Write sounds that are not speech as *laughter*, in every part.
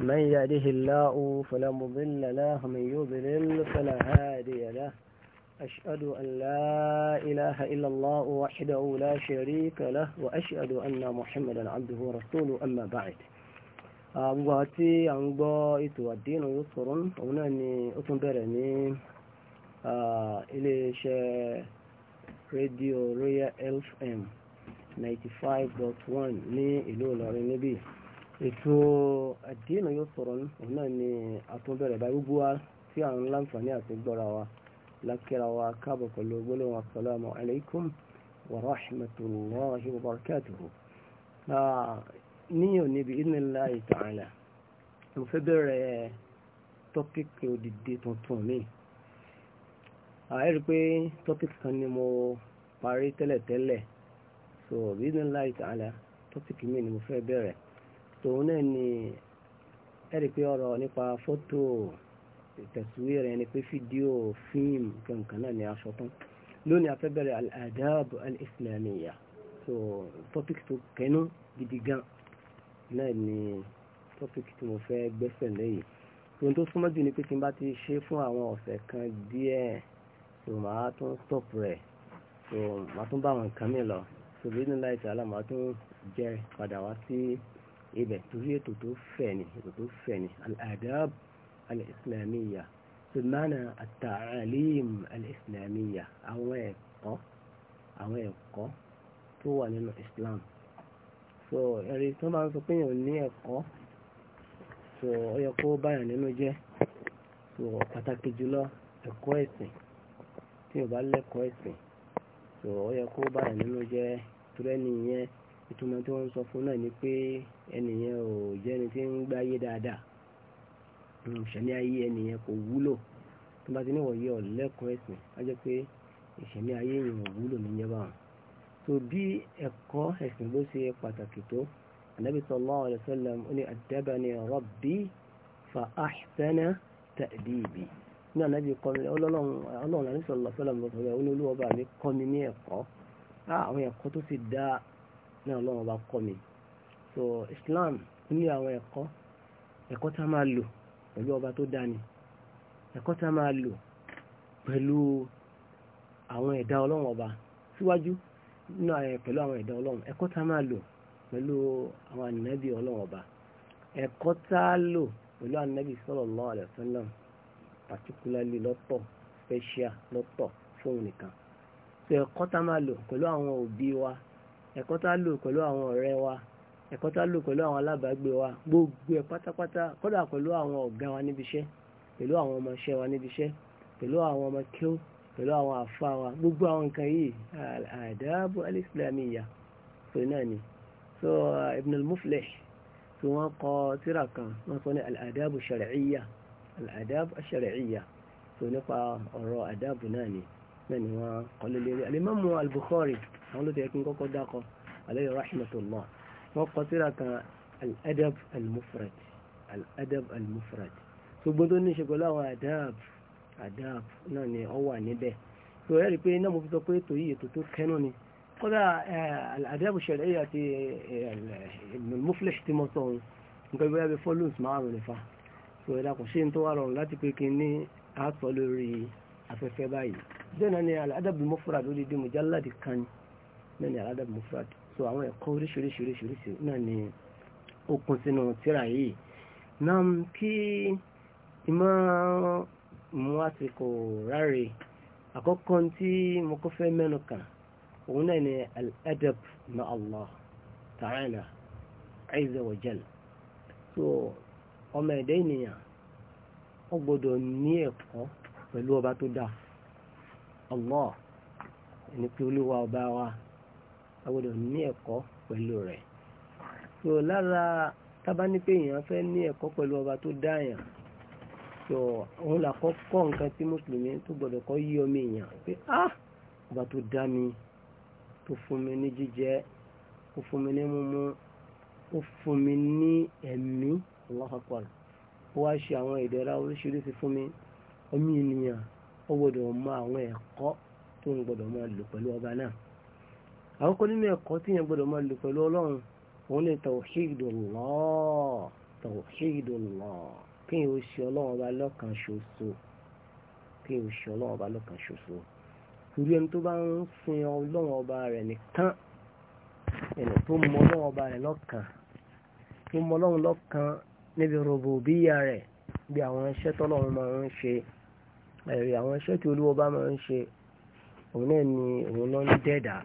من يهده الله فلا مضل له ومن يضلل فلا هادي له أشهد أن لا إله إلا الله وحده لا شريك له وأشهد أن محمدا عبده ورسوله أما بعد àwọn àti à الدين gbọ́ ètò àdínà yóò sọ̀rọ̀ òun náà ni ó 95.1 ني إلو Ìlọrin ètò àdéhùn yóò sọ̀rọ̀ òun náà ni àtúnbẹ̀rẹ̀ bá gbogbo wa tí àwọn láǹfààní àti gbọ́ra wa lákẹ́ra wa káàbọ̀ pẹ̀lú gbólóhùn assalamu alaikum wa rahmatullahi wa barakatuhu. níyàn níbi idhnillahi ta'ala mo fẹ́ bẹ̀rẹ̀ tọ́píkì so bi idhnillahi ta'ala tọ́píkì mi ni tòun náà ni ẹ̀rí pé ọ̀rọ̀ nípa fọ́tò ìtẹ̀síwé rẹ̀ ni pé fídíò fíìmù kankan náà ni aṣọ tán lónìí afẹ́bẹ̀rẹ̀ al-adab al-islamiyya so topic tó kẹnu gidi gan náà ni topic tí mo fẹ́ gbẹ́sẹ̀ lẹ́yìn ohun tó súnmọ́ jù ni pé tí n bá ti ṣe fún àwọn ọ̀sẹ̀ kan díẹ̀ so màá tún stop rẹ̀ so màá tún bá àwọn nǹkan mi lọ so bí nínú láìsí àlá màá jẹ́ padà wá sí ibẹ̀ torí ètò tó fẹ̀ ni ètò tó fẹ̀ ni al-adab al-islamiyya tó mánà at-ta'alim àwọn ẹ̀kọ́ àwọn ẹ̀kọ́ tó wà nínú islam so ẹ̀rí tó máa ń sọ pé èèyàn ní ẹ̀kọ́ so ó yẹ kó báyàn nínú jẹ́ so pàtàkì jùlọ ẹ̀kọ́ ẹ̀sìn tí ò bá lẹ́kọ̀ọ́ ẹ̀sìn so ó yẹ kó báyàn nínú jẹ́ torí ẹni ìtumọ̀ tí wọ́n ń sọ fún náà ni pé ẹnìyẹn ò jẹ́ ẹni tí ń gbáyé dáadáa hmm, ìṣẹ̀mí ayé ẹnìyẹn kò wúlò tó bá ti ní wọ̀nyí ọ̀lẹ́kùn ẹ̀sìn á jẹ́ pé ìṣẹ̀mí ayé èèyàn ò wúlò níyẹn báwọn. tó bí ẹ̀kọ́ ẹ̀sìn bó ṣe pàtàkì tó ànábì sallallahu alaihi wasallam ó ní adabani rabbi fa ahsana ta'dibi ní ànábì kọ́mi ọlọ́run ànábì kọ́ mi ní ẹ̀kọ́ ah, àwọn ẹ̀kọ́ ní ọlọ́run bá kọ́ mi so islam ní àwọn ẹ̀kọ́ ẹ̀kọ́ tá a máa lò pẹ̀lú ọba tó dání ẹ̀kọ́ tá a máa lò pẹ̀lú àwọn ẹ̀dá ọlọ́run ọba síwájú pẹ̀lú àwọn ẹ̀dá ọlọ́run ẹ̀kọ́ tá máa lò pẹ̀lú àwọn ànábì ọlọ́run ọba ẹ̀kọ́ tá lò pẹ̀lú ànábì sallallahu alaihi wasallam particularly lọ́tọ̀ special lọ́tọ̀ fóun nìkan so ẹ̀kọ́ tá máa lò pẹ̀lú àwọn òbí wa ẹ̀kọ́ tá lò pẹ̀lú àwọn ọ̀rẹ́ wa ẹ̀kọ́ tá lò pẹ̀lú àwọn alábàágbé wa gbogbo ẹ̀ pátápátá kódà pẹ̀lú àwọn ọ̀gá wa níbi iṣẹ́ pẹ̀lú àwọn ọmọọṣẹ́ wa níbi iṣẹ́ pẹ̀lú àwọn ọmọ kíó pẹ̀lú àwọn àfa wa gbogbo àwọn nǹkan yìí àdáàbò al-islamiyya pé náà ni so ibn al-muflih tí wọ́n kọ tírà kan wọ́n sọ ní al-adab ash-shar'iyya al nípa ọ̀rọ̀ àdáàbò náà ni náà ni wọ́n kọ́ lé lérí al al-bukhari àwọn ló ti yẹ kí n kọ́kọ́ dákọ̀ alayhi rahmatullah wọ́n kọ síra kan al-adab al-mufrad al-adab al-mufrad ṣùgbọ́n tó ní ṣe pẹ̀lú àwọn adab adab náà ni ọ wà níbẹ̀ tó yẹ rí pé iná mo fi sọ pé ètò yìí ètò tó kẹnu ni kódà al-adab ash àti al-muflih tí mo sọ ohun nǹkan bóyá bí fọ́lùs márùn-ún nìfà tó kò ṣe ń tó wà rọrùn láti pé kí ní àtọ́ lórí afẹ́fẹ́ báyìí bẹ́ẹ̀ náà ni al-adab al-mufrad lórí mujalladi kan ni náà ni aládàbí mufrad so àwọn ẹ̀kọ́ oríṣiríṣi oríṣiríṣi náà ni ó kún sínú tíra yìí náà kí ìmọ̀ mú àsìkò ráre àkọ́kọ́ tí mo kọ́ fẹ́ mẹ́nu kàn òun náà ni al-adab na Allah ta'ala aiza wa jal so ọmọ ẹ̀dá ènìyàn ó gbọ́dọ̀ ní ẹ̀kọ́ pẹ̀lú ọba tó dá Allah ẹni pé olúwa ọba wa a gbọ́dọ̀ ní ẹ̀kọ́ pẹ̀lú rẹ̀ tó lára tábà ní pé èèyàn fẹ́ ní ẹ̀kọ́ pẹ̀lú ọba tó dáyàn tó òun là kọ́kọ́ nǹkan tí mùsùlùmí tó gbọ́dọ̀ kọ́ yí ọmọ èèyàn pé ah ọba tó dá mi tó fún mi ní jíjẹ ó fún mi ní mímú ó fún mi ní ẹ̀mí ọlọ́kọ̀ọ́ ó wá ṣe àwọn ìdẹ̀ra oríṣiríṣi fún mi ọmọ ènìyàn ó gbọ́dọ̀ mọ àwọn ẹ̀kọ́ tó ń gbọ́dọ̀ máa lò pẹ̀lú ọba náà àkọ́kọ́ nínú ẹ̀kọ́ tí yẹn gbọ́dọ̀ máa lò pẹ̀lú ọlọ́run òun ni tawhidullah tawhidullah kí n ò ṣe ọlọ́run ọba lọ́kan ṣoṣo kí n ò ṣe ọlọ́run ọba lọ́kan ṣoṣo torí ẹni tó bá ń sin ọlọ́run ọba rẹ̀ nìkan ẹni tó mọ ọlọ́run ọba rẹ̀ lọ́kan tó mọ ọlọ́run lọ́kan níbi rububiyya rẹ̀ bí àwọn iṣẹ́ tọ́lọ́run máa ń ṣe ẹ̀rí àwọn iṣẹ́ tí olúwọba máa ń ṣe òun náà ni òun lọ ń dẹ́dàá.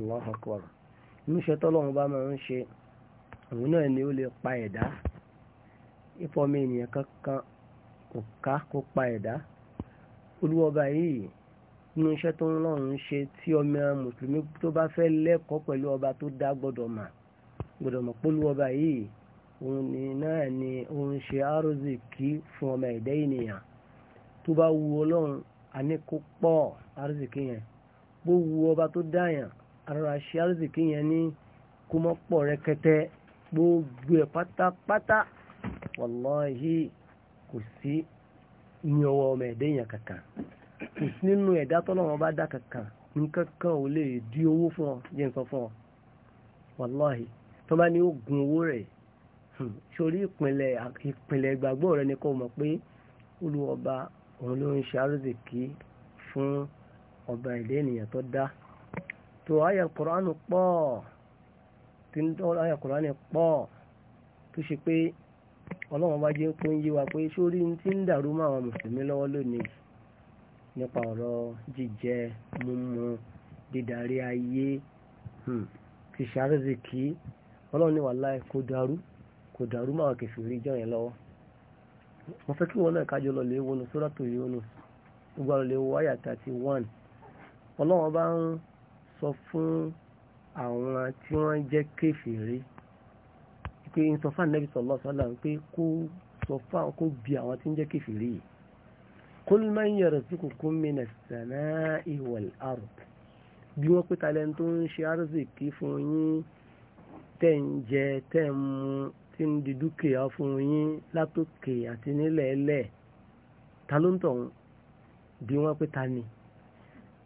Allah Akbar inú iṣẹ́ tọ́lọ́run bá máa ń ṣe òun náà ni ó lè pa ẹ̀dá ìfọ̀mí ènìyàn kankan kò ká kó pa ẹ̀dá olúwọba yìí nínú iṣẹ́ tó ń lọ́run ṣe tí ọmọ mùsùlùmí tó bá fẹ́ lẹ́kọ̀ọ́ pẹ̀lú ọba tó dá gbọ́dọ̀ mà gbọ́dọ̀ mọ̀ pé olúwọba yìí òun ni náà ni òun ṣe áròzì kí fún ọmọ ẹ̀dá ènìyàn tó bá wu ọlọ́run àní kó pọ̀ áròzì kí yẹn bó wu ọba tó dáyàn ara àṣẹ àrùsìkì yẹn ní kó mọ́ pọ̀ rẹkẹtẹ gbogbo ẹ̀ pátápátá wàláhì kò sí ní ọwọ́ ọmọ ẹ̀dẹ́ yẹn kankan kò sí nínú kan ò lè di owó fún ọ nǹkan fún ọ tó bá ní owó rẹ̀ hmm, sórí ìgbàgbọ́ rẹ ni kò mọ̀ pé òun ló ń ṣe ọba ẹ̀dẹ́ ènìyàn tó àyà kùránù pọ̀ tí ń tọ́ àyà kùránù pọ̀ tó ṣe pé ọlọ́run bá jẹ́ kó ń wa pé sórí ti ń dàrú mọ́ àwọn mùsùlùmí lọ́wọ́ nípa ọ̀rọ̀ jíjẹ mímu dídarí ayé ti ṣàrẹ́sìkì ọlọ́run ní wàláì daru dàrú Yunus gbogbo 31 bá ń sọ fún àwọn tí wọ́n jẹ́ kèfèrí pé ń sọ fún ànábì sallallahu alaihi wasallam pé kó sọ fún àwọn kó bi àwọn tí ń jẹ́ kèfèrí yìí kul man yarzuqukum minas samaa'i wal ard bí wọ́n pé talẹ̀ tó ń ṣe arzikì fún yín tẹ̀ ń jẹ tẹ̀ ń mu tí ń di dúkìá fún yín látòkè àti nílẹ̀ ẹlẹ̀ ta ló ń tọ̀hún bí wọ́n pé ta ni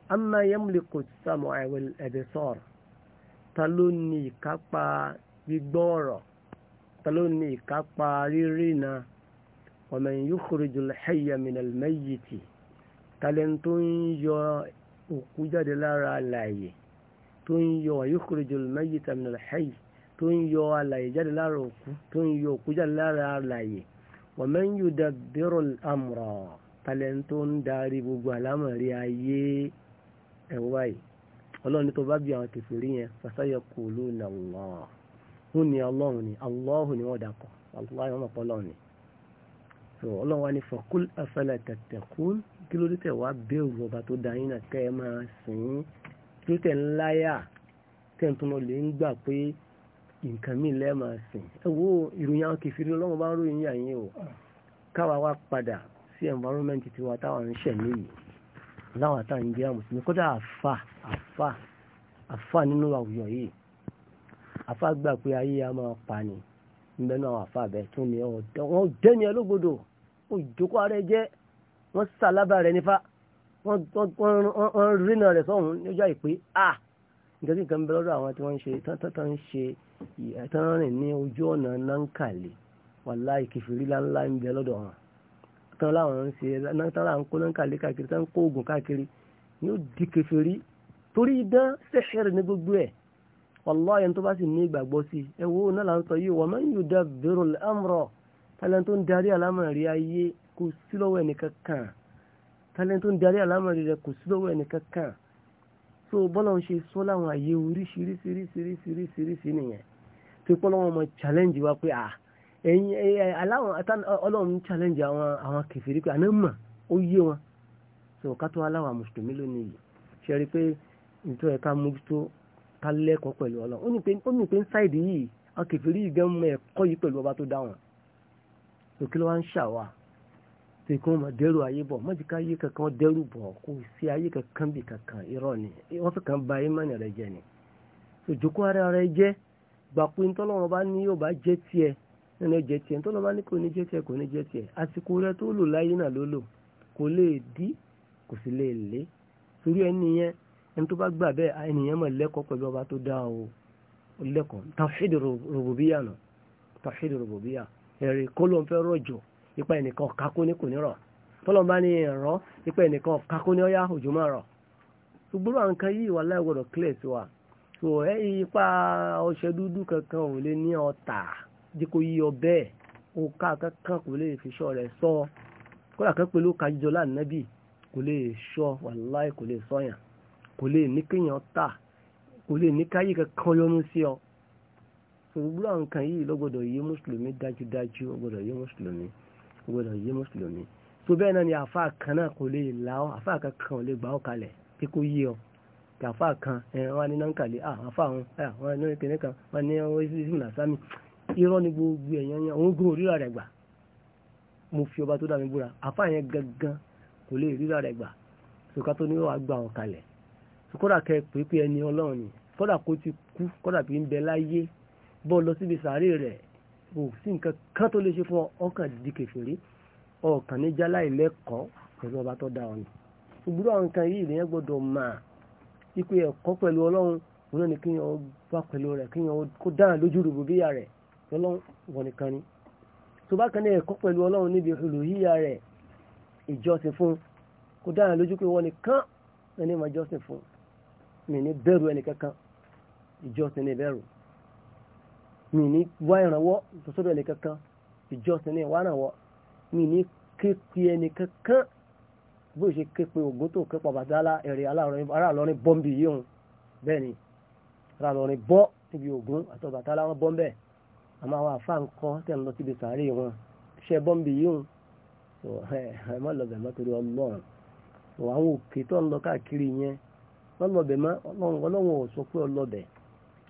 amma yamliku sam'a wal absar ta ló ní ìkápá gbígbọ́ ọ̀rọ̀ ta ló ní ìkápá rírí na wa man yukhrijul hayya minal mayyiti talẹ́ni tó ń yọ òkú jáde lára alààyè tó ń yọ yukhrijul mayyita minal hayy tó ń yọ alààyè jáde lára òkú tó ń yọ òkú jáde lára alààyè wa man yudabbirul amra ń darí gbogbo àlámọ̀rí ayé ẹ̀wọ́ báyìí ọlọ́run ní tó bá bí àwọn kèfèrí yẹn fàṣàyẹ kò ló nà wọ́n wọ́n ní ọlọ́run ni ọlọ́run ni wọ́n dàkọ̀ ọlọ́run ọmọ ọlọ́run ni ọlọ́run wa ní fọkúl afẹ́lẹ̀ tẹ̀tẹ̀kún kí ló dé tẹ̀ wá bẹ́ẹ̀ rọba tó da yín náà kẹ́ ẹ máa sìn ín kí ló tẹ̀ ń láyà tẹ̀ ń túnmọ̀ lè ń gbà pé nǹkan mi lẹ́ẹ̀ máa sìn ẹ wo ìròyìn àwọn kèfèrí ọlọ́run bá ń ròyìn yà yín o káwa wá padà sí environment tiwa táwa ń ṣẹ̀mí yìí láwọn àtàwọn ìgbéyà mùsùlùmí kódà àfà àfà àfà nínú àwùjọ yìí àfà gbà pé ayé a máa pa ni níbẹ̀ náà àfà bẹ́ẹ̀ tún ni ọ̀dọ́ wọn jẹ́ ni ẹlógbodò ó ìjókòó ara jẹ́ wọ́n sàlábà rẹ̀ nífà wọ́n rínà rẹ̀ sọ́hún lọ́jọ́ àìpé à nǹkan tí bẹ lọ́dọ̀ àwọn tí wọ́n ń ṣe tán ṣe tán rìn ní ojú ọ̀nà náà wàláì kìfìrí láńlá ń bẹ lọ́dọ̀ wọn tán láwọn ń ṣe ẹ̀dá tán láwọn ń kó lọ́nkàlẹ́ káàkiri tán ń kó oògùn káàkiri ni ó di kèfèrí torí idán sẹ́ṣẹ̀rì ní gbogbo ẹ̀ wallahi ẹni tó bá sì ní ìgbàgbọ́ sí i ẹ wo náà là ń sọ yìí wa man yudabbiru al-amra tálẹ́ tó ń darí àlámọ̀rí ayé kò sí lọ́wọ́ ẹnìkan kan tálẹ́ tó ń darí àlámọ̀rí rẹ kò sí lọ́wọ́ ẹnìkan kan so bọ́lá ń ṣe sọ láwọn àyè oríṣiríṣiríṣiríṣiríṣi nìyẹn tó pọ́ lọ́wọ́ ọmọ challenge wa pé ah ẹ̀yin aláwọn ọlọ́run challenge àwọn àwọn kẹfìrí pé àná mọ̀ ó yé wọn so kátó aláwọ̀ mùsùlùmí lónìí yìí ṣe rí pé nítorí ẹ̀ka mójútó ká lẹ́kọ̀ọ́ pẹ̀lú ọlọ́run ó ní pé ń sáìdì yìí àwọn kẹfìrí yìí gan mọ ẹ̀kọ́ yìí pẹ̀lú ọba tó wọn so kí ló wá ń ṣàwà tó kí wọ́n mọ̀ dẹ́rù ayé bọ̀ mọ́jú ká ayé kankan bọ̀ kó ni wọ́n fi kan ba rẹ jẹ ni so nínú jẹ tiẹ̀ tó lọ́ba ní kò ní jẹ tiẹ̀ kò ní jẹ tiẹ̀ àsìkò rẹ tó lò láyé náà ló lò kò lè dí kò sì lè lé torí ẹni yẹn ẹni tó bá gbà bẹ́ẹ̀ ènìyàn mọ̀ lẹ́kọ̀ọ́ pẹ̀lú ọba tó dá o lẹ́kọ̀ọ́ tàfíìdì rògbòbíyà nà tàfíìdì rògbòbíyà ẹ̀rì kó ló ń fẹ́ rọ̀jò ipa ẹnìkan kakó ní kò ní rọ̀ tọ́lọ́n ní ẹ̀rọ ipa ẹnìkan kakó ní ọ̀yá òjò rọ̀ ṣùgbọ́n àwọn yìí wà láìwọ̀dọ̀ clear sí wa so ẹ̀ ipa ọṣẹ kankan ò lè ní ọ̀tà jẹ́ kó yí ọ bẹ́ẹ̀ òkà kankan kò lè fi sọ rẹ̀ sọ kódà kan pẹ̀lú òkà jíjọ lánàbì kò lè sọ wàláì kò lè sọyàn kò lè ní kéèyàn tà kò lè ní káyé kankan yọnu sí ọ òwúrọ̀ nǹkan yìí ló gbọ́dọ̀ yé mùsùlùmí dájúdájú ó gbọ́dọ̀ yé mùsùlùmí ó gbọ́dọ̀ yé mùsùlùmí tó bẹ́ẹ̀ náà ni àfáà kan náà kò lè là ọ́ àfáà kan kan ò lè gbà ọ́ kalẹ̀ pé kó yé ọ kàfáà kan ẹ̀ wọ́n á ní náà ń kàlẹ́ àfáà wọn ní kíní kan wọ́n á ní ọ́ ìsìnkú làsámì irọ́ ni gbogbo ẹ̀yàn yẹn òun gbọ́ òríra rẹ̀ gbà mo fi ọba tó dá mi búra àfa yẹn gangan kò lè ríra rẹ̀ gbà sùkà tó ní wàá gbà wọn kódà kẹ pé ẹni ọlọ́run ni kódà kó ti kú kódà bí ń bẹ láyé bọ́ lọ síbi sàárè rẹ̀ kò sí nǹkan kan tó lè ṣe fún ọkàn di kèfèrí ọkàn ní jálá ìlẹ́kọ̀ọ́ pẹ̀lú ọba tó dá ọ ni ìgbúrò àwọn nǹkan yìí lèyàn gbọ́dọ̀ máa ipe ẹ̀kọ́ pẹ̀lú ọlọ́run òun náà ni kí yẹn bá pẹ̀lú rẹ̀ kí yẹn kó dáhà lójú rògbòdìyà rẹ̀ ọlọ́run wọn nìkan ni tó bá kan ní ẹ̀kọ́ pẹ̀lú ọlọ́run níbi olùhíyà rẹ̀ ìjọsìn fún kó dára lójú pé wọn nìkan ẹni máa jọ́sìn fún mi ní bẹ̀rù ẹnì kankan ìjọsìn ní bẹ̀rù mi ní wá ìrànwọ́ tọ́sọ́dọ̀ ẹnì kankan ìjọsìn ní wá ìrànwọ́ mi ní képe ẹnì kankan bó ṣe képe ògùn tó képa bàtálá ẹ̀rẹ̀ aláàlọ́rin bọ́m̀bì yìí hùn bẹ́ẹ̀ ni aláàlọ́rin bọ́ níbi ògùn àtọ̀bàtálá wọn bọ́m̀bẹ́ẹ̀ àmọ́ àwọn àfa ńkọ́ tẹ̀ ń lọ síbi sàárè wọn ṣe bọ́m̀bì yìí ń ẹ má lọ bẹ̀ mọ́ torí ọlọ́run àwọn òkè tó ń lọ káàkiri yẹn wọ́n lọ bẹ̀ mọ́ ọlọ́run ò sọ pé ọlọ́bẹ̀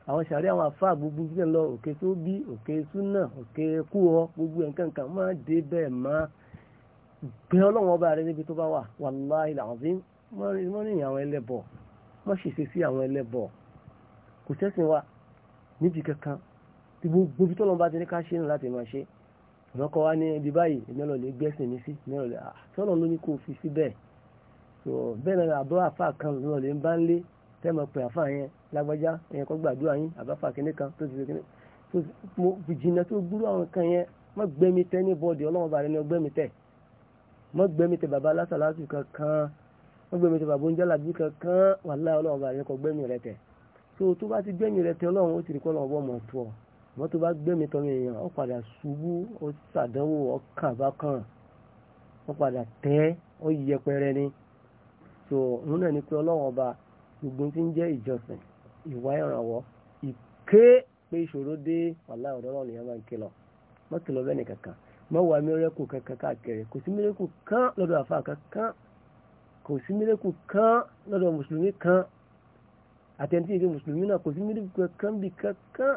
àwọn sàárè àwọn àfa gbogbo tẹ̀ ń lọ òkè tó bí òkè súnà òkè kú ọ gbogbo ẹ̀ kankan má dé bẹ́ẹ̀ má gbé ọlọ́run ọba rẹ níbi tó bá wà wàláhì làwọn wọ́n rìn àwọn ẹlẹ́bọ̀ wọ́n ṣèṣe sí àwọn ẹlẹ́bọ̀ kò sẹ́sìn wa níbi kankan tí gbogbo bí tọ́lọ́mù bá ti ní ká ṣe nù láti máa ṣe ìrọ́kọ wa ní ibi báyìí ìmẹ́lọ̀ lè gbẹ́sìn ní sí ìmẹ́lọ̀ lè ah, tọ́lọ̀ ló ní kó fi sí bẹ́ẹ̀ tó bẹ́ẹ̀ náà àbọ̀ àfa kan ìmẹ́lọ̀ lè ń bá ń lé tẹ́mọ̀ pé àfa yẹn lágbájá ẹ̀yẹn kọ́ gbàdúrà yín àbáfà kínní kan tó ti kínní tó mo jìnnà tó gbúrú àwọn kan yẹn má gbẹ́mi tẹ́ ní bọ́ọ̀dì ọlọ́run bá rẹ ní ọgbẹ́mi tẹ́ má gbẹ́mi tẹ́ bàbá lásàlásù kankan wọ́n tó bá gbẹ̀mí tọrọ èèyàn ó padà ṣubú ó ṣàdánwò ọkàn bákan ó padà tẹ́ ó yẹpẹrẹ ni tó òun náà ni pé ọlọ́wọ́n ọba gbogbo tí ń jẹ́ ìjọsìn ìwà ìrànwọ́ ìké pé ìṣòro dé wàhálà ọ̀dọ́ náà nìyẹn máa ń ké lọ má kìlọ̀ bẹ́ẹ̀ ni kankan má wà mírẹ́kù kankan káàkiri kò sí mírẹ́kù kan lọ́dọ̀ àfa kankan kò sí mírẹ́kù kan lọ́dọ̀ mùsùlùmí kan àtẹ̀ntì ìdí mùsùlùmí náà kò sí mírẹ́kù kankan bí kankan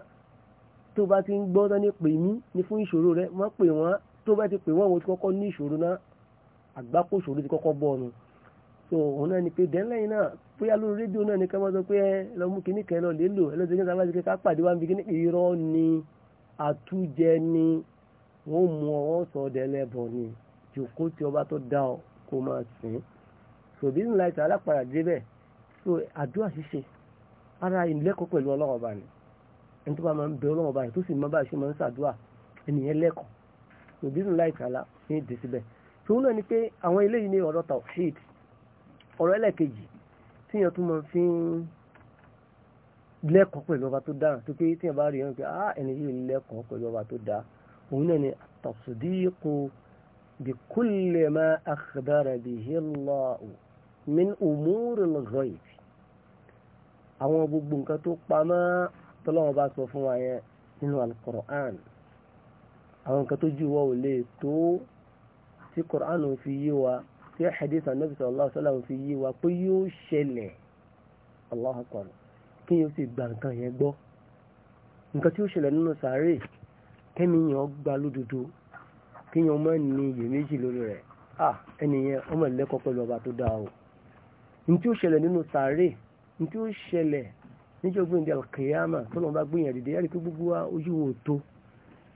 tó bá ti ń gbọ́ tán ní pè mí ní fún ìṣòro rẹ má pè wọ́n tó bá ti pè wọ́n wọ́n ti kọ́kọ́ ní ìṣòro náà àgbákò ìṣòro ti kọ́kọ́ bọ̀ ọ̀nù so òun náà ni pé dẹ́lẹ́yìn náà bóyá lórí rédíò náà ni ká máa sọ pé ẹ lọ mú kíní kẹ lọ lè lò ẹlẹ́sìn kíní sábà ti ká pàdé wá ń bi kíní irọ́ ni àtújẹ ni wọ́n mú ọ sọ dẹ́lẹ́bọ̀ ni jòkó tí ọba tó dá ọ kó máa sìn so bí nìlá ìtàn alápàdà débẹ̀ so àdúrà ṣíṣe ara ìlẹ́kọ̀ọ́ pẹ̀lú ọlọ́run ọba ni ẹni tó bá máa ń bẹ ọlọ́wọ́ báyìí tó sì máa bá ṣe máa ń ṣàdúrà ènìyàn lẹ́kọ̀ọ́ òbí nù láì kàlá ní èdè síbẹ̀ tòun náà ni pé àwọn eléyìí ní ọ̀rọ̀ tawhid ọ̀rọ̀ ẹlẹ́ẹ̀kejì tíyàn tó máa fi ń lẹ́kọ̀ọ́ pẹ̀lú ọba tó dára tó pé tíyàn bá rí ẹni pé ah ẹni yìí lẹ́kọ̀ọ́ pẹ̀lú ọba tó dáa òun náà ni tasdiqu bi kulli ma akhbara bihi Allahu tọ́lọ́wọ́n bá sọ fún wa yẹn nínú alukoran àwọn nǹkan tó jù wọ́n ò lè tó tí koran fi yé wa tí hadith anabi sallallahu alaihi wasallam fi yi wa pé yóò ṣẹlẹ̀ Allahu akbar kí yóò gba nǹkan yẹn gbọ́ ti o ó ninu nínú sàárè kẹ́niyàn gba lódodo kíyàn mọ́ ní iyèméjì lórí ah ẹniyàn ma o Nti o ó ṣẹlẹ̀ nínú Nti o níjọ́ gbẹ̀ndẹ̀ alkiyama tó lọ́n bá gbìyàn dìde yàrá pé gbogbo wa ojú wo tó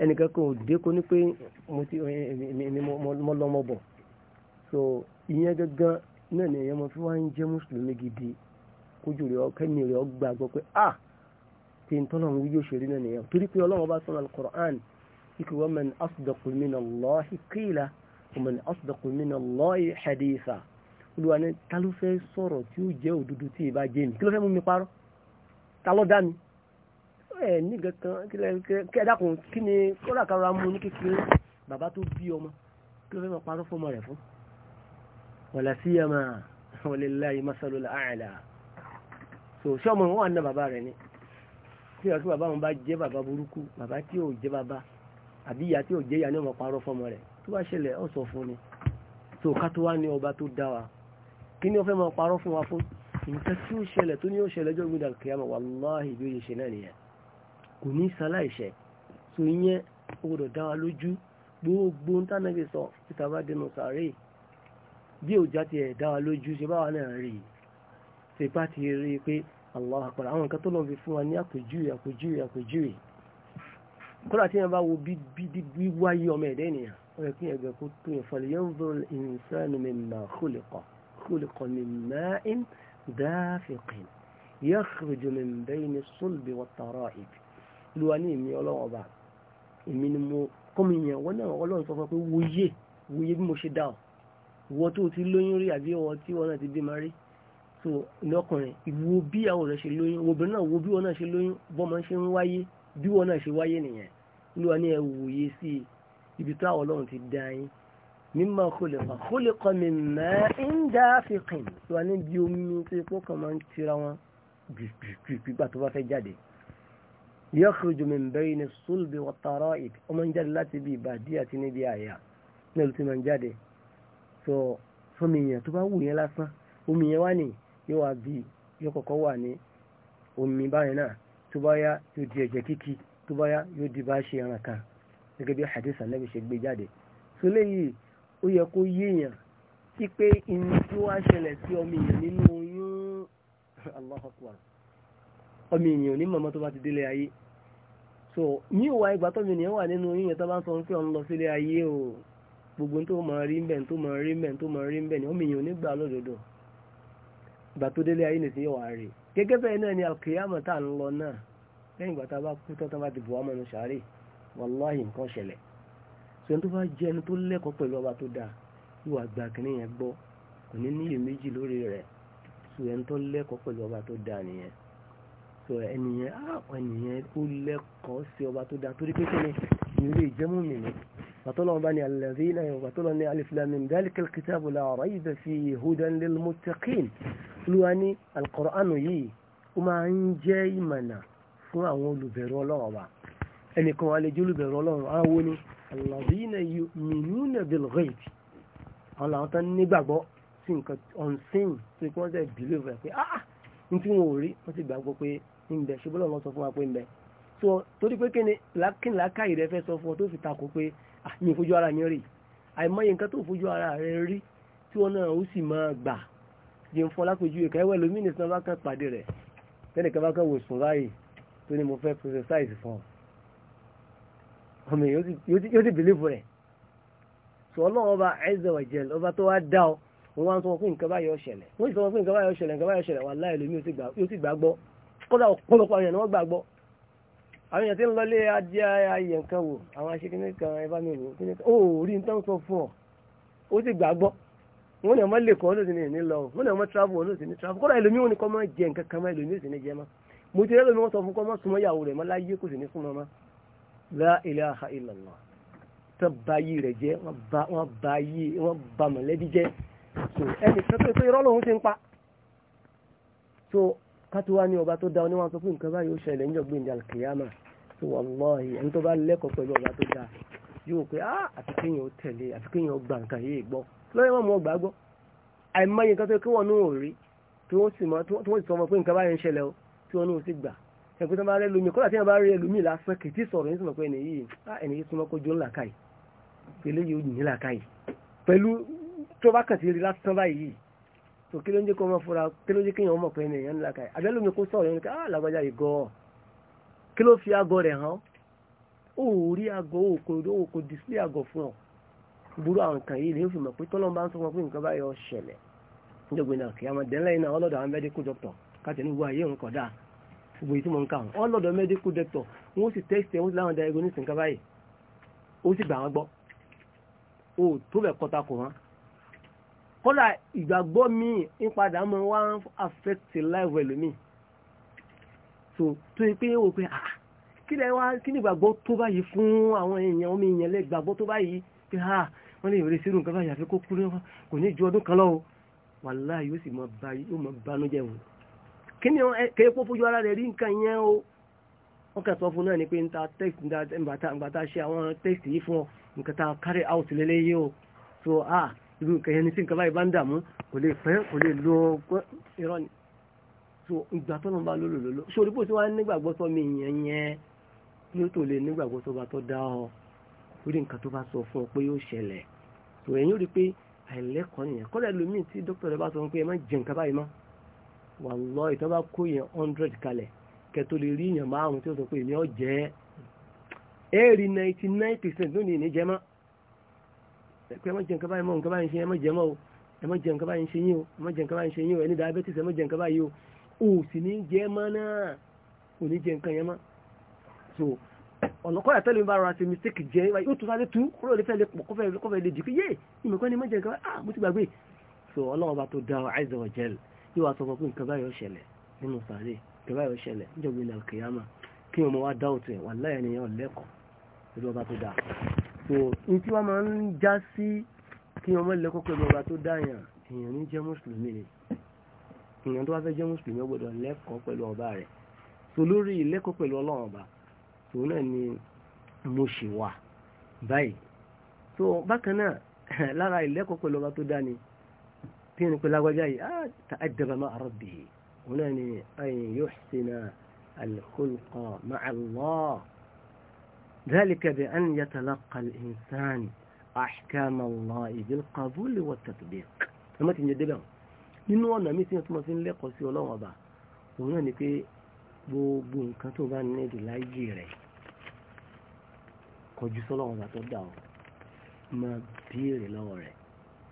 ẹnìkan kan ò dé kó ní pé mo ti eh, eh, mo lọ́mọ bọ̀ so ìyẹn gangan náà ni ẹ̀yẹ́ mo fi wá ń jẹ́ mùsùlùmí gidi kójú rẹ̀ ọkẹ́ni rẹ̀ ọgbà gbọ́ pé ah tí n tọ́lọ̀ ń wí yóò ṣe rí náà nìyẹn torí pé ọlọ́run bá sọ̀rọ̀ alukur'an ikú wa man asdaqu min Allahi qila wa man asdaqu min Allahi haditha olùwà ni ta ló fẹ́ sọ̀rọ̀ tí ó jẹ́ òdodo tí ì bá jẹ́ mi kí ló fẹ́ mú mi parọ́ ta ló dá mi ẹ nígbà kan kí ẹ dákun kí ni kódà kan ra mú ní kékeré bàbá tó bí ọmọ kí ló fẹ́ máa parọ́ fọmọ rẹ̀ fún wàlá sí ẹ máa wọlé láyé masalu la àìlà so sọmọ wọn wà ní bàbá rẹ ni tí ìyàwó bàbá wọn bá jẹ bàbá burúkú bàbá tí ò jẹ bàbá àbí ìyá tí ò jẹ ìyá ni ọmọ parọ́ fọmọ rẹ̀ tó bá ṣẹlẹ̀ ọ̀ sọ fún ni so ká wá ní ọba tó dá wa kí ni ó fẹ́ máa parọ́ fún wa fún nǹkan tí ó ṣẹlẹ̀ tó ní ó ṣẹlẹ̀ jọ́ gbọ́dọ̀ kìyàmọ̀ wàláhì bí ó ṣe náà nìyẹn kò ní sáláìṣẹ́ tó yẹn ó gbọ́dọ̀ dá wa lójú gbogbo ń tánàbí sọ títà bá dẹnu sàárè bí òjá ti ẹ̀ dá wa lójú ṣe báwa náà rí ṣe bá ti rí pé Allah akbar àwọn nǹkan tó lọ fi fún wa ní àpèjúwe àpèjúwe àpèjúwe kódà tí yẹn bá wo wíwáyé ọmọ ẹ̀dẹ́ ènìyàn ó yẹ kí ẹgbẹ́ kó tó yẹn fọlẹ̀ yẹn ń bọ̀ ìrìnsẹ́ mi máa kó lè kọ́ kó lè kọ́ mi máa ń dáfíkìn yakhruju min bayni sulbi wa tara'ib lùwà ní ìmí ọlọ́wọ́ ọba ìmí ni mo kọ́mi yẹn wọ́n náà ọlọ́run sọ fún pé wòye wòye bí mo ṣe dá ọ ìwọ tó ti lóyún rí àbí ọwọ́ tí wọn náà ti bímọ rí so ní ọkùnrin ìwo bí àwọn rẹ ṣe lóyún obìnrin náà wo bí wọn náà ṣe lóyún bọ́mọ ṣe ń wáyé bí wọn náà ṣe wáyé nìyẹn lùwà ní ẹ wòye sí ibi tó àwọn ọlọ́run ti dá yín mímọ̀ kólẹ̀kọ̀ kólẹ̀kọ̀ mi mẹ́ ń dá fìkìn tí wọ́n ní bí omi tó ipò kan máa ń tira wọn gbígbà tó bá fẹ́ jáde yakhruju min bayni sulbi wa tara'ib ó máa ń jáde láti bí ìbàdí àti níbi àyà náà ló ti máa ń jáde sọ fún èèyàn tó bá wù yẹn lásán omi yẹn wá ní yóò wá bí yóò kọ̀kọ́ wà ní omi báyìí náà tó bá yá yóò di ẹ̀jẹ̀ kíkí tó bá yá yóò di bá ṣe ẹran kan gẹ́gẹ́ bí hadith Ànábì ṣe gbé jáde so léyìí ó yẹ kó yéèyàn sí pé ìní tí wọ́n ṣẹlẹ̀ sí ọmọ èèyàn nínú oyún bá ti délé ayé so ní ìwà ìgbà tọ́jú wà nínú oyún yẹn tó bá ń sọ pé ayé o gbogbo tó mọ̀ rí ń bẹ̀ tó mọ̀ rí ń bẹ̀ tó mọ̀ rí ń bẹ̀ ni ọmọ èèyàn nígbà lódodo ìgbà tó délé ayé nìsín yóò wá rí gẹ́gẹ́ bẹ́ẹ̀ náà ni àkèyàmọ̀ tá à ń lọ náà lẹ́yìn ìgbà tá a bá kú tán wá mọ́nu sọ tó bá jẹ́ ẹni tó lẹ́kọ̀ọ́ pẹ̀lú ọba tó dáa yóò wá gba kínní yẹn gbọ́ kò ní níyè méjì lórí rẹ̀ sọ ẹni tó lẹ́kọ̀ọ́ pẹ̀lú ọba tó dáa nìyẹn sọ ẹnìyẹn àwọn ẹnìyẹn ó lẹ́kọ̀ọ́ sí ọba tó dáa torí pé kí ni ìrírí ìjẹ́mú mi ni bàtọ́lọ́ bá ní alladhina bàtọ́lọ́ ní alif lam min dhalikal kitabu la rayba fihi hudan lil muttaqin lúwa ní alqur'anu yìí ó máa ń jẹ́ ìmọ̀nà fún àwọn olùbẹ̀rù ọlọ́run ọba ẹnìkan wà lè jólùbẹ̀rẹ̀ ọlọ́run àwọn ni alladhina yu'minuna bil ghaib àwọn làwọn tán nígbàgbọ́ sí nǹkan unseen tó wọ́n sẹ́ believe rẹ̀ pé ah, ah n tí wọn ò rí wọ́n ti gbàgbọ́ pé ń bẹ ṣe sọ fún wa pé ń bẹ so torí pé kí ni lákàyè rẹ fẹ́ sọ fún ọ tó fi takò pé ah mi ò fojú ara mi rí àìmọye nǹkan tó fojú ara rẹ rí tí wọn náà ó sì máa gbà jẹun fún ọlápẹjú ẹ̀ka ẹ̀wẹ̀ lómìnira tí bá kàn pàdé rẹ̀ tẹ́nìkan bá kàn wò sùn báyìí tó ní mo fẹ́ exercise fún ọ ọmọ yóò ti bìlífù rẹ̀ sọ ọlọ́run ọba azza wa jal ọba tó wá dá ọ wọ́n wá ń sọ pé nǹkan báyọ̀ ṣẹlẹ̀ wọ́n sì sọ pé nǹkan báyọ̀ ṣẹlẹ̀ nǹkan báyọ̀ ṣẹlẹ̀ wà láì lómi yóò sì gbàgbọ́ kódà ọ̀pọ̀lọpọ̀ àwọn èèyàn ni wọ́n gbàgbọ́ àwọn èèyàn tí ń lọlé ajé ayé nǹkan wò àwọn aṣèkíní kan ẹ bá mi wò kíní kan ó rí nǹkan sọ fún ọ ó sì gbàgbọ́ wọ́n ní ọmọ lè kọ́ lóṣù ní ìní lọ wọ́n ní ọmọ travel lóṣù ní travel kódà ẹlòmíì wọn ni kọ́ máa jẹ nǹkan kan máa ẹlòmíì sì ní jẹ mọ́ mo ti rẹ́ lómi wọn sọ fún kọ́ máa súnmọ́ ìyàwó rẹ̀ mọ́ láyé kò sì ní súnmọ́ mọ́ la ilaha illallah tó bá yí rẹ̀ jẹ́ wọ́n bá yí wọ́n bá mọ̀lẹ́bí jẹ́ so ẹni pẹ́pẹ́ pé irọ́ lòun ti ń pa so kátó wá ní ọba tó dá oníwọ̀n sọ fún nǹkan báyìí ó ṣẹlẹ̀ níjọ́ gbìyànjú alkiyama so wallahi ẹni tó bá lẹ́kọ̀ọ́ pẹ̀lú ọba tó dá yóò pé ah àti kéèyàn ó tẹ̀lé àti kéèyàn ó gba nǹkan yìí gbọ́ lọ́yẹ̀ wọn mọ̀ gbà gbọ́ àìmọye nǹkan tó kí wọn nù ò rí tí wọ́n sì sọ fún nǹkan báyìí ń ṣẹlẹ̀ o tí wọ́n nù ó sì gbà ẹgbẹ́ tó bá rẹ lómi kọ́lá tí wọ́n bá rẹ lómi lásán kì í ti sọ̀rọ̀ nítorí pé ẹni yìí ah, ẹni yìí súnmọ́ kójú ńlá káyì pẹ̀lú yìí ó yìn nílà káyì pẹ̀lú tó bá kàn sí rí lásán báyìí tó kí ló ń jẹ́ kó máa fura kí ló ń jẹ́ kéèyàn mọ̀ pé ẹni yẹn ńlá káyì àbẹ́ lómi kó sọ̀rọ̀ yẹn ká ah, lágbájá yìí gọ́ ọ kí ló fi agọ rẹ̀ hàn ó rí agọ ó kò display ni ó fi mọ̀ pé tọ́lọ́n bá gbogbo èyí tí mo ń kà wọn wọn lọ́dọ̀ medical doctor wọn sì test wọn sì láwọn diagnosis nǹkan báyìí ó sì gbà wọn gbọ́ o tó bẹ̀ kọta kò wọn. kọ́lá ìgbàgbọ́ mi ń padà mọ wá ń affect life well mi so tó yẹ pé ó pé ah kí lẹ wá kí ni ìgbàgbọ́ tó báyìí fún àwọn èèyàn ọmọ èèyàn lẹ ìgbàgbọ́ tó báyìí pé ah wọ́n lè rèé sírù nǹkan báyìí àfi kó kúrò kò ní ju ọdún kan lọ́wọ́ wàláhì yóò sì mọ banújẹ́ wọn kí ni kéèkó fojú ara rẹ̀ rí nǹkan yẹn o wọ́n kà sọ fún náà ni pé níta text nígbàtà ṣe àwọn text yìí fún ọ nǹkan tá a carry out lélẹ́yìí o so ah irú nǹkan yẹn ni tí nǹkan báyìí bá ń dààmú kò lè pẹ́ kò lè lo irọ́ ni so ìgbà tó náà bá lò lòlò sórí bó ti wá nígbàgbọ́ sọ mi yẹn yẹn kí ló tó lè nígbàgbọ́ sọ bá tó dá ọ orí nǹkan tó bá sọ fún ọ pé yóò ṣẹlẹ̀ so ẹ̀yin ò rí pé àìlẹ́kọ̀ọ́ nìyẹn kọ́lẹ̀ lómi tí dókítà rẹ bá sọ wallahi tó kó yẹn hundred kalẹ̀ kẹtó lè rí yẹn márùn tí ó sọ pé èmi ọ̀ jẹ́ ẹ̀rí ninety nine percent lónìí ní jẹ́ mọ́ pé ẹ má jẹ nǹkan báyìí mọ́ nǹkan báyìí ṣe ẹ má jẹ mọ́ o ní jẹ mọ́ náà ò nǹkan yẹn mọ́ so ọ̀nàkọ́ yàtọ̀ lómi bá rọra ṣe mistake jẹ yóò tún sáré tú kúrò lè fẹ́ lè pọ̀ kọ́fẹ́ lè dì pé yé ìmọ̀kọ́ ni má jẹ ah mo ti gbàgbé so ọlọ́wọ́ bá tó da ọ̀ àìsàn ọ̀jẹ̀lẹ̀ yóò wá sọ pé nǹkan báyọ̀ ṣẹlẹ̀ nínú sàárè nǹkan báyọ̀ ṣẹlẹ̀ níjọba ilẹ̀ kìyàmà kí ọmọ wa dá òtún ẹ̀ wà láyé ènìyàn lẹ́kọ̀ọ́ pẹ̀lú ọba tó dáa so ní tí wọ́n máa ń já sí kí ọmọ lẹ́kọ̀ọ́ pẹ̀lú ọba tó dáa yàn èèyàn ní jẹ́ mùsùlùmí ni èèyàn tó wá fẹ́ jẹ́ mùsùlùmí gbọ́dọ̀ lẹ́kọ̀ọ́ pẹ̀lú ọba rẹ̀ so lórí ìlẹ́kọ̀ọ́ ni mo ṣì so bákan náà *laughs* lára ìlẹ́kọ̀ọ́ pẹ̀lú ọba ni kí كل pẹ̀lú agbájá yìí ah ta'addaba ma'a يحسن الخلق مع الله ذلك بأن يتلقى الإنسان أحكام الله بالقبول والتطبيق ẹmọ́ ti ń jẹ débẹ̀ wọn nínú ọ̀nà mi tí wọ́n tún mọ́ sí ń lẹ́kọ̀ọ́ sí ọlọ́run ọba òun náà ni pé gbogbo nǹkan tó bá nílẹ̀ láyé rẹ̀ kọjú sọ́lọ́run ọba tó dà ọ́ máa béèrè lọ́wọ́ rẹ̀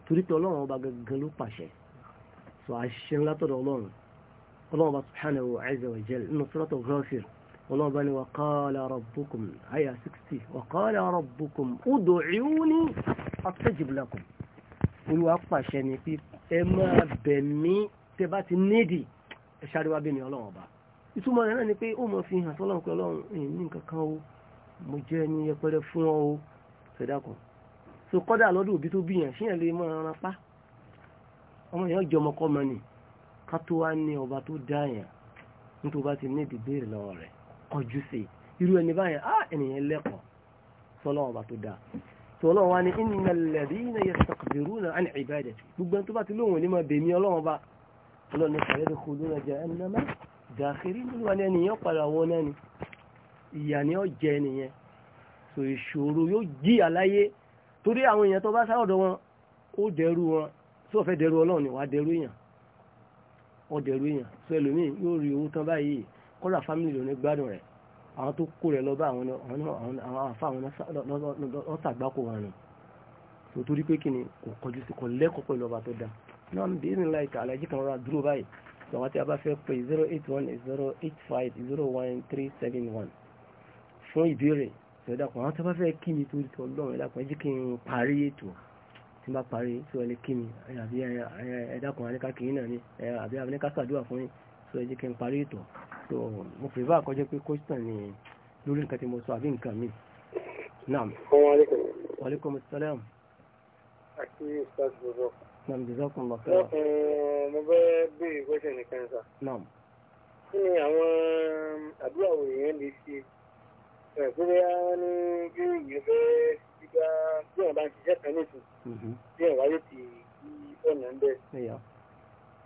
torí pé ọlọ́run ọba gangan ló pàṣẹ so àṣẹ ńlá tọ̀dọ̀ ọlọ́run ọlọ́run ọba subhanahu azza wa jal nínú sọ́tọ̀ Ghafir ọlọ́run ọba ni wa qala rabbukum àyà 60 wa qala rabbukum ud'uni astajib lakum olúwa pàṣẹ ni pé ẹ máa bẹ̀ mí tẹ bá ti nídìí ẹ ṣáájú wá bí mi ọlọ́run ọba ìtumọ̀ rẹ̀ náà ni pé ó mọ̀ fi hàn sọ́lọ́run pé ọlọ́run ní nǹkan kan o mo jẹ́ ẹni yẹpẹrẹ fún ọ o ṣẹ̀dá kan so kọ́dà lọ́dún òbí tó bíyàn ṣíyàn lè mọ́ ẹran pa ọmọ èèyàn jẹ ọmọkọ́ mọ́ ni ká tó wá ní ọba tó dáyàn nítorí bá ti ní ìdìbéèrè lọ́wọ́ rẹ̀ kọjú sí irú ẹni báyẹn á ènìyàn lẹ́kọ̀ọ́ sọ́lọ́ ọba tó dáa sọ́lọ́ wa ni innal ladhina yastakbiruna an ibadati gbogbo ẹni tó bá ti lóhùn onímọ̀ bèmí ọlọ́run bá ọlọ́run ní sàrẹ́dẹ̀ kò lóra jahannama dàkírí nínú wa ni ẹnìyàn padà wọ náà ni ìyà ni ó jẹ ẹnìyẹn so ìṣòro yóò jí àláyé torí àwọn èèyàn tó bá sáwọ́dọ̀ wọn ó dẹ̀rú wọn tí wọ́n fẹ́ dẹ̀rú ọlọ́run ni wàá dẹ̀rú èèyàn ọ dẹ̀rú èèyàn sọ ẹlòmíì yóò rí owó tán báyìí kọ́dà fámìlì lónìí gbádùn rẹ̀ àwọn tó kó rẹ̀ lọ́ba àwọn afá àwọn ọ̀sàgbákò wọn nù tó torí pé kí ni kò kọjú sí kò lẹ́kọ̀ọ́ pẹ̀lú ọba tó dáa náà ní bí ní láìka alájí kan rọra dúró báyìí àwọn tí a bá fẹ́ pé zero eight one zero eight five zero one three seven one fún ìbéèrè ṣẹ̀dàkùn àwọn tó bá fẹ́ kí mi torí tọ́ lọ́rùn ẹ̀dàkùn ẹjí kí n parí ètò tí n bá parí tó ẹni kí mi àbí ẹ̀dàkùn àníká kìí náà ni àbí àníká sàdúrà fún yín tó ẹjí kí n parí ètò tó mo fẹ́ bá àkọ́jọ́ pé kọ́sítàn ni lórí nǹkan tí mo sọ àbí nǹkan mi. naam waaleykum salaam. àti ustaz bozo. naam jazakum allah khair. mo fẹ́ béèrè question nìkan sá. naam. kí ni àwọn um, àdúrà òyìnbó lè ṣe ẹ̀kúrẹ́ ní bí ìyẹn fẹ́ bí wọn bá ń ṣiṣẹ́ kan nìkan mhm. bí wọn wáyé ti yí ọ̀nà ń bẹ̀.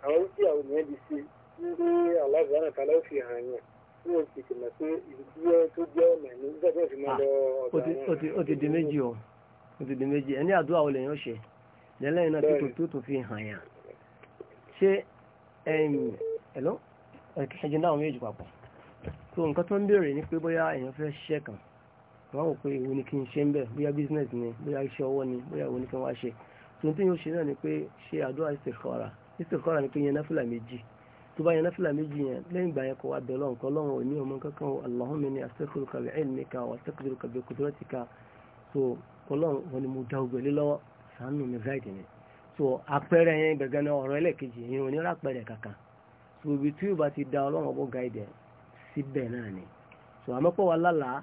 àwọn wípé àwọn ènìyàn ti ṣe ń gbé aláàbò náà kálá ó hàn yàn tí wọn sì tìmọ̀ pé ìdíyẹ tó jẹ́ ọ̀nà ní nígbà fi máa ah, lọ ọ̀dà ó ó ti di méjì ẹni àdúrà olè yẹn ṣe lẹ́lẹ́yìn náà tó tó tó fi hàn yàn ṣé ẹ̀yìn ẹ̀lọ́ ẹ̀kẹ́jẹ náà méjì papọ̀ so nǹkan tó ń béèrè ni pé bóyá èèyàn fẹ́ ṣiṣẹ́ kan wọ́n wò pé èwo ni kí n ṣe ń bẹ̀ bóyá business ni bóyá iṣẹ́ ọwọ́ ni bóyá èwo ni kí n wá ṣe tó ń tí yóò ṣe náà ni pé ṣe àdúrà istikhara istikhara ni pé yẹn náfìlà méjì tó bá yẹn náfìlà méjì yẹn lẹ́yìn ìgbà yẹn kó wá bẹ̀ lọ́nkọ́ lọ́wọ́ òní ọmọ kankan Allahumma inni astaghfiruka so ọlọ́run wọn ni mo da ogbèlé lọ́wọ́ ni so àpẹẹrẹ yẹn gẹ́gẹ́ ní ọ̀rọ̀ ẹlẹ́kejì yẹn ò so ibi tí yóò síbẹ̀ náà ni so àmọ́pọ̀ wa lálàá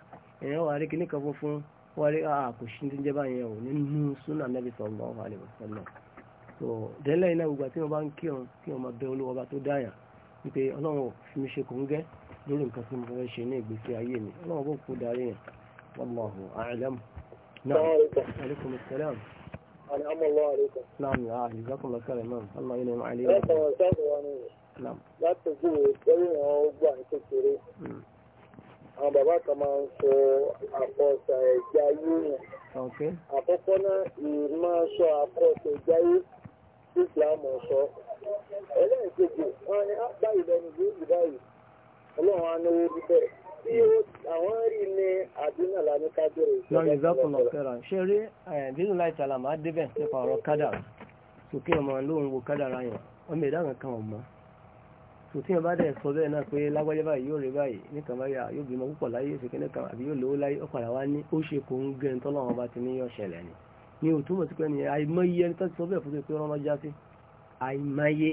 èèyàn wà rí kíní kan funfun wà rí ah, kò sí ní jẹ́ báyẹn o nínú súnà Nabi sallallahu alaihi wasallam so dẹ́lẹ̀ iná gbogbo àti wọn bá ń kírun kí wọn máa bẹ olówó ọba tó dáyà wípé ọlọ́run fi mi ṣe kòńgẹ́ lórí nǹkan tí mo fẹ́ ṣe ní ìgbésí ayé mi ọlọ́run bó kú darí yẹn wallahu a'lam náà alaikum assalam. Àlẹ́ àmọ́ lọ́wọ́ àlékún. Náà ní àlè látòjú ìgbẹ́rù ìran ogun àti kékeré hmm. àwọn bàbá kan máa ń sọ àkọsà ẹ̀já yíyan àkọ́kọ́ náà ìmọ̀ sọ àkọsà ẹ̀já yé ìsìlámù sọ ẹlẹ́ẹ̀kejì wọn ni ah, báyìí lẹ́nu yóò báyìí ọlọ́run á náwó bíbẹ̀ tí àwọn rí ní àdínà lánàá kájọrò ìṣẹ́lẹ̀ lọ́rọ̀ ìzákùnlọ̀ kẹra ṣe rí bínú láì tààlà máa débẹ̀ nípa ọ̀rọ̀ kádàrà sókè ọmọ lóhun wo kádàrà yẹn ọmọ ìdáhùn kan ọ̀mọ́ sòtí yẹn bá dẹ̀ sọ bẹ́ẹ̀ náà pé lágbájá báyìí yóò rí báyìí nìkan báyà yóò bímọ púpọ̀ láyé ìṣèké nìkan àbí yóò lówó láyé ọ̀padà wá ní ó ṣe kò ń gẹ́ tọ́lọ́wọ́n bá ti ní yọ ṣẹlẹ̀ ni ni ò túmọ̀ sí pé ni àìmọye ẹni tó ti sọ bẹ́ẹ̀ fún mi pé rọ́nà já sí àìmọye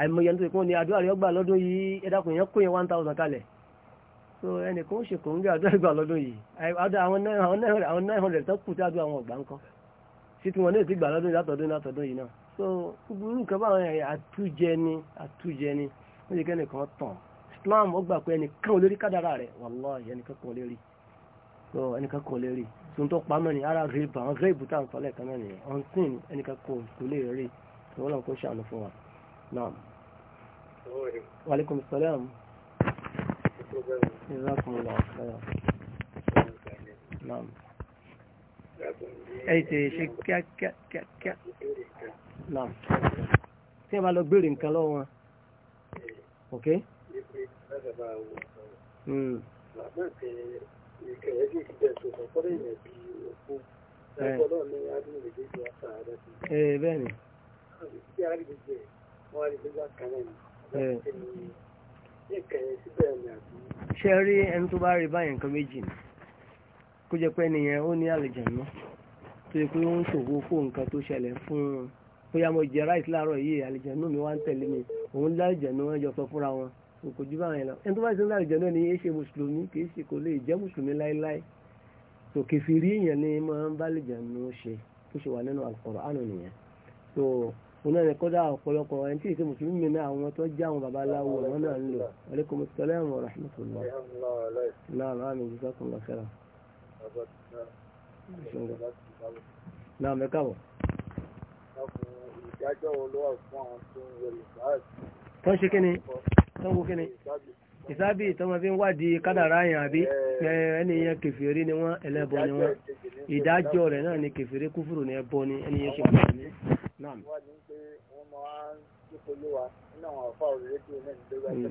àìmọye ẹni tó ti pọ́n ni àdúrà rẹ̀ gbà lọ́dún yìí ẹ̀dàkùn yẹn kó yẹn one thousand kalẹ̀ so ẹnì kan ó ṣe kò ń gẹ́ àdúrà gbà lọ́dún yìí àwọn nine hundred tó kù tí àdúrà wọn ọ̀gbà ń kọ́ sí tí wọn náà ti gbà lọ́dún yìí látọ̀dún látọ̀dún yìí náà so gbogbo irú kan báwọn àtújẹ ni àtújẹ ni wọ́n jẹ́ kẹ́ni kan tàn Islam ó gbà pé ẹnìkan olórí kádàrà rẹ̀ wàláhì ẹnìkan kan lérí so ẹnìkan kan lérí so tó pamọ́ ni ara rèébù àwọn rèébù táwọn sọ lẹ́ẹ̀kan náà nìyẹn ọ̀n sìn ẹnìkan kan kò tí ṣe bá lọ gbèrè nǹkan lọ́wọ́ ok. ẹ bẹ́ẹ̀ ni. ṣe rí ẹni tó bá rí báyìí nǹkan méjì ni kó jẹ́ pé ẹnìyẹn ó ní àlejò náà tó yẹ pé ó ń ṣòwò kó nǹkan tó ṣẹlẹ̀ fún un bóyá mo jẹ ráìsì láàárọ̀ yìí àlìjẹ̀nú mi wá ń tẹ̀lé mi òun lálìjẹ̀nú wọn jọ sọ fúnra wọn kò jù báwọn yẹn lọ ẹni tó bá ti ń lálìjẹ̀nú ni yéé ṣe mùsùlùmí kì í ṣe kò lè jẹ́ mùsùlùmí láéláé tó kẹfìrí èèyàn ni máa ń bálìjẹ̀nú ṣe tó ṣe wà nínú Al-Qur'an nìyẹn tó òun náà ni kódà ọ̀pọ̀lọpọ̀ ẹni tí ìṣe mùsùlùmí mi náà àwọn tó já àwọn babaláwo àwọn náà ń lò aleykum salaam wa rahmatulah náà náà mi jùlọ kàn lọ fẹ́ràn. náà mẹ́kà wọ̀ ìdájọ́ olówó fún àwọn tó ń wọ ìsáàbì. tó ń ṣe kíni tó ń wo kíni ìsáàbì tó fi ń wádìí kádàrá yẹn àbí ẹni yẹn kẹfìrí ni wọn ẹlẹ́bọ ni wọn ìdájọ́ rẹ̀ náà ni kẹfìrí kúfùrù ni ẹbọ ni ẹni yẹn ṣe kúfùrù ni. wọ́n ní pé wọ́n máa ń kíkó lówà nínú àwọn àfa òrèlédè náà nítorí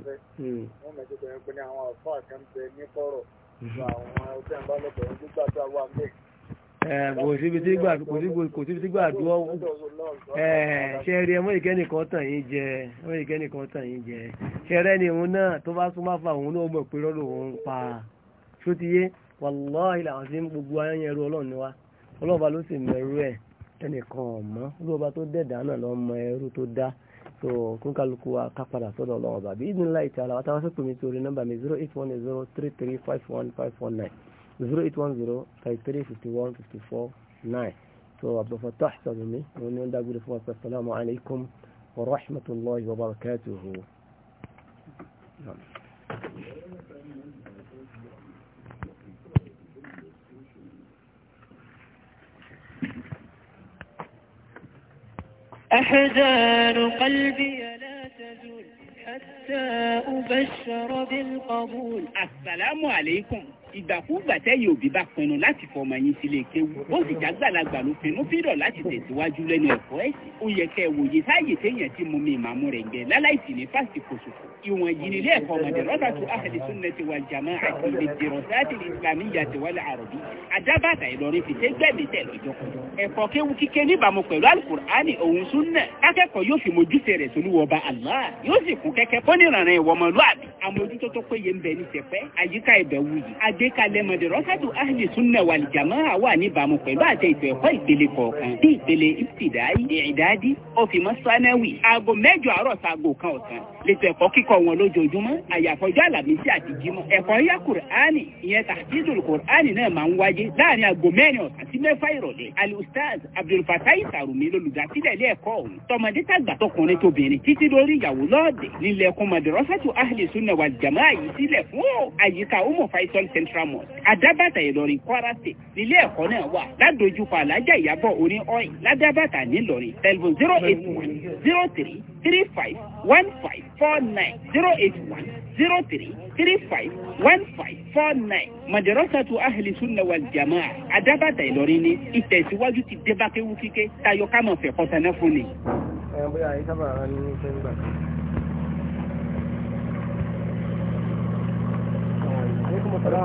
afẹ́fẹ́ wọ́n mọ̀ kò síbi tí gbàdúrà ṣe rí ẹmọ ìkẹ́nìkan tàn yín jẹ ẹmọ ìkẹ́nìkan tàn yín jẹ ṣe rẹ́ ni òun náà tó bá súnmọ́ fà òun náà mọ̀ pé rọ́rùn òun pa ṣó ti yé wàláhì làwọn sí gbogbo ayẹyẹ ẹrú ọlọ́run ni wa ọlọ́ọ̀bá ló sì mọ ẹrú ẹ̀ ẹnìkan ọ̀mọ́ olóòbá tó dẹ̀dá náà lọ mọ ẹrú tó dá tó kún kálukú wa ká padà sọ́dọ̀ ọlọ́run bàbí ìdínláì tí a làwọn torí nọ́mbà mi zero eight one zero three three five one five one nine. 0810 54 9 so عبد الفتاح صدمي ونقول ده أقول السلام عليكم ورحمة الله وبركاته أحزان قلبي لا تزول حتى أبشر بالقبول السلام عليكم ìgbàkúgbà tẹ́yìn òbí bá pinnu láti fọmọ yín sílé kéwu ó sì jágbàlagbà ló pinnu fídọ̀ láti tẹ̀síwájú lẹ́nu ẹ̀kọ́ ẹ̀sìn ó yẹ kẹ́ ẹ wòye sáàyè téèyàn ti mú mi ìmàmú rẹ̀ gbẹ láláìsí ní fásitì ṣòfò ìwọ̀n yìí nílé ẹ̀kọ́ ọmọdé rọ́dàtú ahli sunnati wal jama'ati àti al-dirasati al-islamiyyati wal arabiyyati adábàtà ìlọrin fi tẹ́gbẹ̀mí tẹ̀ lọ́jọ́ ẹ̀kọ́ kéwu kíké níbàámu pẹ̀lú alukur'ani òun súnnà kákẹ́kọ̀ọ́ yóò fi mojúṣe rẹ̀ solúwọba Allah yóò sì àgbékalẹ̀ mọ̀dẹ̀rọ́sàtù ahli sunna wal jamaa wà níbàámu pẹ̀lú àtẹ ètò ẹ̀kọ́ ìpele kọ̀ọ̀kan bí ìpele ìtìdáyì ìdádi òfìmọ̀ sanáwì aago mẹ́jọ àárọ̀ sago kan ọ̀sán lẹ́tọ̀ ẹ̀kọ́ kíkọ́ wọn lójoojúmọ́ àyàfọ́jọ́ àlàmísì àti jímọ̀ ẹ̀kọ́ yá kùránì ìyẹn tàbídùn kùránì náà máa ń wáyé láàrin aago mẹ́rin ọ̀sán sí mẹ́fà ìrọ̀lẹ́ alustaz abdulfatai sarumi lolùdásílẹ̀ ilé ẹ̀kọ́ ọ̀hún tọmọdé tàgbà tọkùnrin tóbìnrin títí lórí ìyàwó lọ́ọ̀dẹ̀ nílẹ̀kùn madrasatu ahli sunna wal jamaa sílẹ̀ fún ultramont adábàtà ìlọrin kwara state nílé ẹ̀kọ́ náà wà ládojúkọ alájà ìyàbọ̀ orí oil ládábàtà nílọrin telephone zero eight one zero three three five one five four nine zero eight one zero three three five one five four nine madarasatu ahli sunna wal jamaa adábàtà ìlọrin ni ìtẹ̀síwájú ti débàkéwu kíké tayọ kámọ̀ fẹ́ kọ́sánná fún ni. Gracias.